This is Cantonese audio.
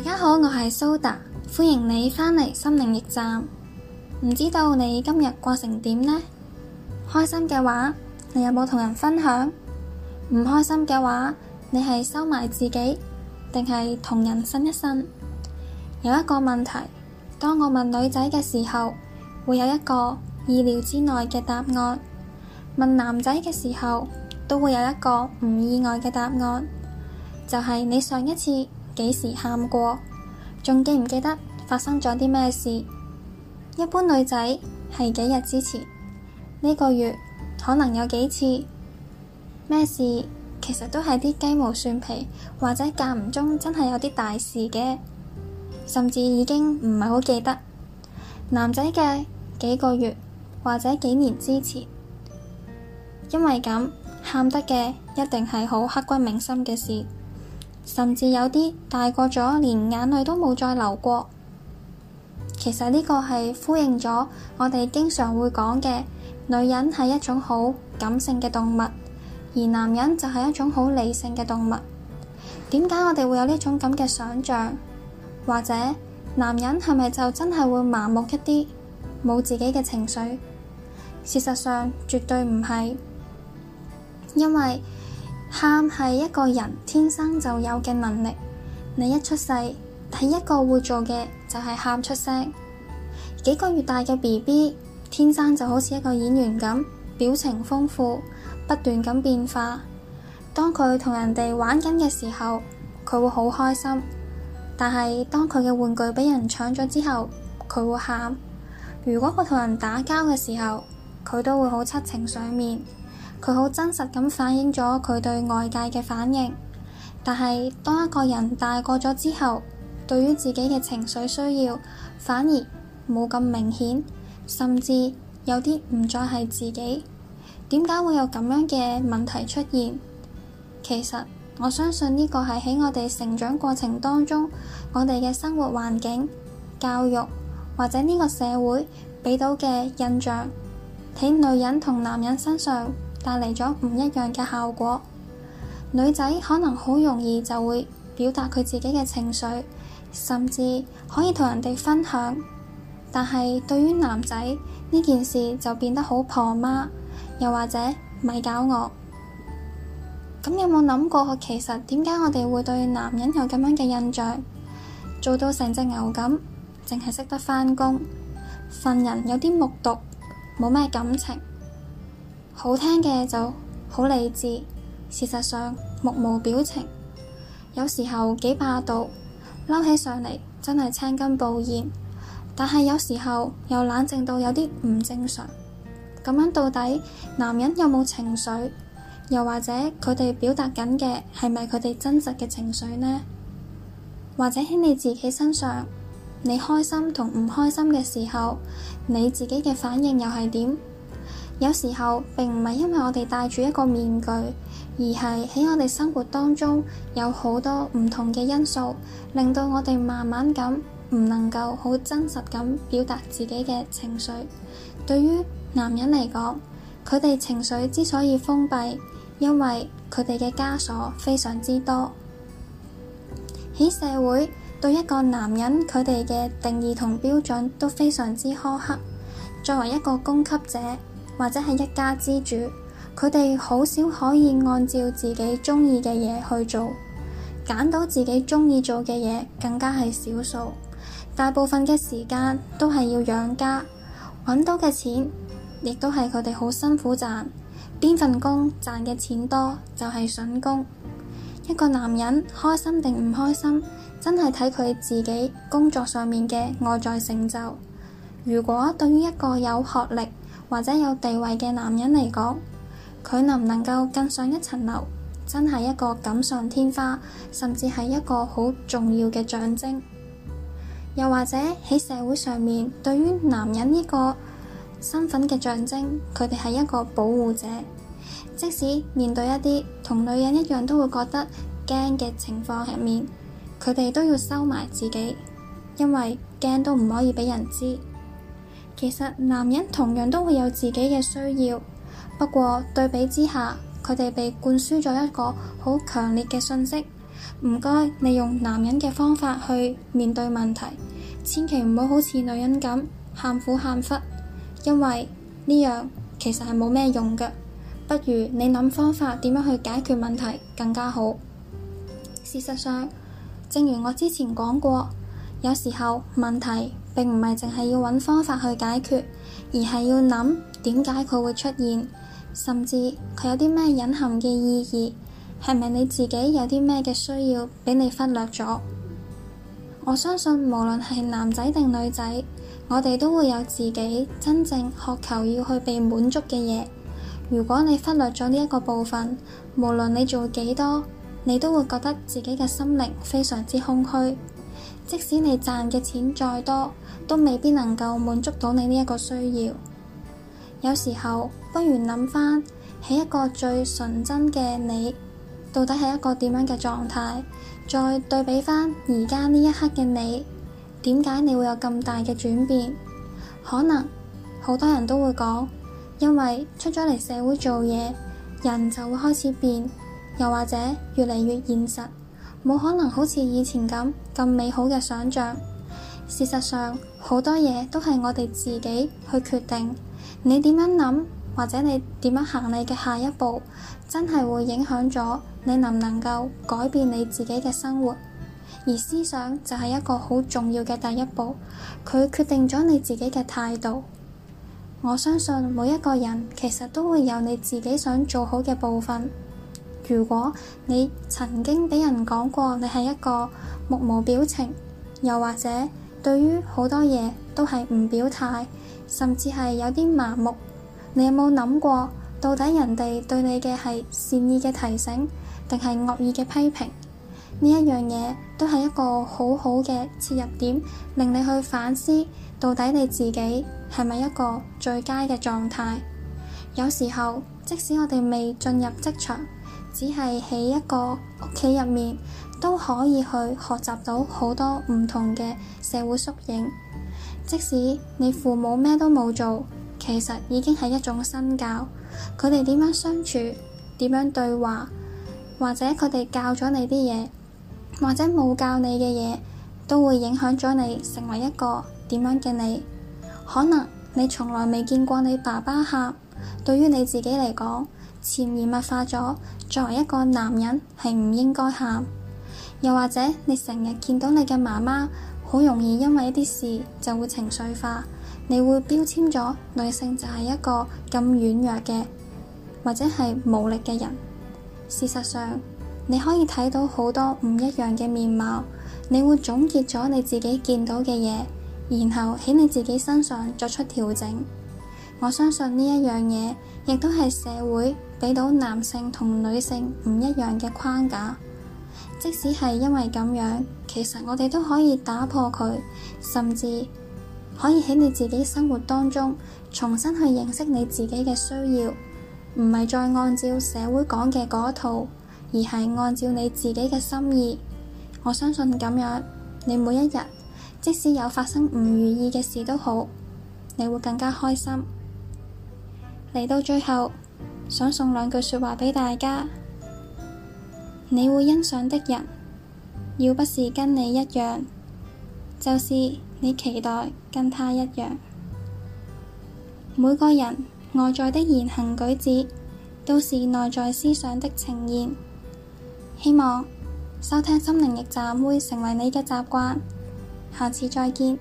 大家好，我係蘇打，歡迎你返嚟心靈驛站。唔知道你今日過成點呢？開心嘅話，你有冇同人分享？唔開心嘅話，你係收埋自己，定係同人呻一呻？有一個問題，當我問女仔嘅時候，會有一個意料之內嘅答案；問男仔嘅時候，都會有一個唔意外嘅答案，就係你上一次。幾時喊過？仲記唔記得發生咗啲咩事？一般女仔係幾日之前呢，呢個月可能有幾次咩事，其實都係啲雞毛蒜皮，或者間唔中真係有啲大事嘅，甚至已經唔係好記得。男仔嘅幾個月或者幾年之前，因為咁喊得嘅一定係好刻骨銘心嘅事。甚至有啲大個咗，連眼淚都冇再流過。其實呢個係呼應咗我哋經常會講嘅，女人係一種好感性嘅動物，而男人就係一種好理性嘅動物。點解我哋會有呢種咁嘅想象？或者男人係咪就真係會麻木一啲，冇自己嘅情緒？事實上絕對唔係，因為。喊係一個人天生就有嘅能力。你一出世，第一個會做嘅就係喊出聲。幾個月大嘅 BB，天生就好似一個演員咁，表情豐富，不斷咁變化。當佢同人哋玩緊嘅時候，佢會好開心。但係當佢嘅玩具畀人搶咗之後，佢會喊。如果佢同人打交嘅時候，佢都會好七情上面。佢好真實咁反映咗佢對外界嘅反應，但係當一個人大個咗之後，對於自己嘅情緒需要反而冇咁明顯，甚至有啲唔再係自己。點解會有咁樣嘅問題出現？其實我相信呢個係喺我哋成長過程當中，我哋嘅生活環境、教育或者呢個社會畀到嘅印象，喺女人同男人身上，帶嚟咗唔一樣嘅效果，女仔可能好容易就會表達佢自己嘅情緒，甚至可以同人哋分享。但係對於男仔呢件事就變得好婆媽，又或者咪搞我。咁有冇諗過，其實點解我哋會對男人有咁樣嘅印象？做到成隻牛咁，淨係識得翻工，份人有啲木獨，冇咩感情。好聽嘅就好理智，事實上目無表情，有時候幾霸道，嬲起上嚟真係青筋暴現。但係有時候又冷靜到有啲唔正常。咁樣到底男人有冇情緒？又或者佢哋表達緊嘅係咪佢哋真實嘅情緒呢？或者喺你自己身上，你開心同唔開心嘅時候，你自己嘅反應又係點？有時候並唔係因為我哋戴住一個面具，而係喺我哋生活當中有好多唔同嘅因素，令到我哋慢慢咁唔能夠好真實咁表達自己嘅情緒。對於男人嚟講，佢哋情緒之所以封閉，因為佢哋嘅枷鎖非常之多。喺社會對一個男人，佢哋嘅定義同標準都非常之苛刻。作為一個供給者。或者係一家之主，佢哋好少可以按照自己鍾意嘅嘢去做，揀到自己鍾意做嘅嘢更加係少數。大部分嘅時間都係要養家，揾到嘅錢亦都係佢哋好辛苦賺。邊份工賺嘅錢多就係筍工。一個男人開心定唔開心，真係睇佢自己工作上面嘅外在成就。如果對於一個有學歷，或者有地位嘅男人嚟講，佢能唔能夠更上一層樓，真係一個錦上添花，甚至係一個好重要嘅象徵。又或者喺社會上面，對於男人呢個身份嘅象徵，佢哋係一個保護者，即使面對一啲同女人一樣都會覺得驚嘅情況入面，佢哋都要收埋自己，因為驚都唔可以俾人知。其實男人同樣都會有自己嘅需要，不過對比之下，佢哋被灌輸咗一個好強烈嘅訊息：唔該，你用男人嘅方法去面對問題，千祈唔好好似女人咁喊苦喊忽，因為呢樣其實係冇咩用嘅。不如你諗方法點樣去解決問題更加好。事實上，正如我之前講過，有時候問題並唔係淨係要搵方法去解決，而係要諗點解佢會出現，甚至佢有啲咩隱含嘅意義，係咪你自己有啲咩嘅需要俾你忽略咗？我相信無論係男仔定女仔，我哋都會有自己真正渴求要去被滿足嘅嘢。如果你忽略咗呢一個部分，無論你做幾多，你都會覺得自己嘅心靈非常之空虛。即使你賺嘅錢再多，都未必能夠滿足到你呢一個需要。有時候不如諗翻起一個最純真嘅你，到底係一個點樣嘅狀態，再對比翻而家呢一刻嘅你，點解你會有咁大嘅轉變？可能好多人都會講，因為出咗嚟社會做嘢，人就會開始變，又或者越嚟越現實。冇可能好似以前咁咁美好嘅想象。事實上，好多嘢都係我哋自己去決定。你點樣諗，或者你點樣行，你嘅下一步真係會影響咗你能唔能夠改變你自己嘅生活。而思想就係一個好重要嘅第一步，佢決定咗你自己嘅態度。我相信每一個人其實都會有你自己想做好嘅部分。如果你曾經畀人講過，你係一個目無表情，又或者對於好多嘢都係唔表態，甚至係有啲麻木，你有冇諗過，到底人哋對你嘅係善意嘅提醒，定係惡意嘅批評？呢一樣嘢都係一個好好嘅切入點，令你去反思到底你自己係咪一個最佳嘅狀態。有時候，即使我哋未進入職場，只係喺一個屋企入面，都可以去學習到好多唔同嘅社會縮影。即使你父母咩都冇做，其實已經係一種身教。佢哋點樣相處，點樣對話，或者佢哋教咗你啲嘢，或者冇教你嘅嘢，都會影響咗你成為一個點樣嘅你。可能你從來未見過你爸爸喊，對於你自己嚟講。潛移默化咗，作為一個男人係唔應該喊。又或者你成日見到你嘅媽媽，好容易因為一啲事就會情緒化，你會標籤咗女性就係一個咁軟弱嘅，或者係無力嘅人。事實上你可以睇到好多唔一樣嘅面貌，你會總結咗你自己見到嘅嘢，然後喺你自己身上作出調整。我相信呢一樣嘢亦都係社會。畀到男性同女性唔一樣嘅框架，即使係因為咁樣，其實我哋都可以打破佢，甚至可以喺你自己生活當中重新去認識你自己嘅需要，唔係再按照社會講嘅嗰套，而係按照你自己嘅心意。我相信咁樣，你每一日，即使有發生唔如意嘅事都好，你會更加開心。嚟到最後。想送兩句說話畀大家，你會欣賞的人，要不是跟你一樣，就是你期待跟他一樣。每個人外在的言行舉止，都是內在思想的呈現。希望收聽心靈驛站會成為你嘅習慣，下次再見。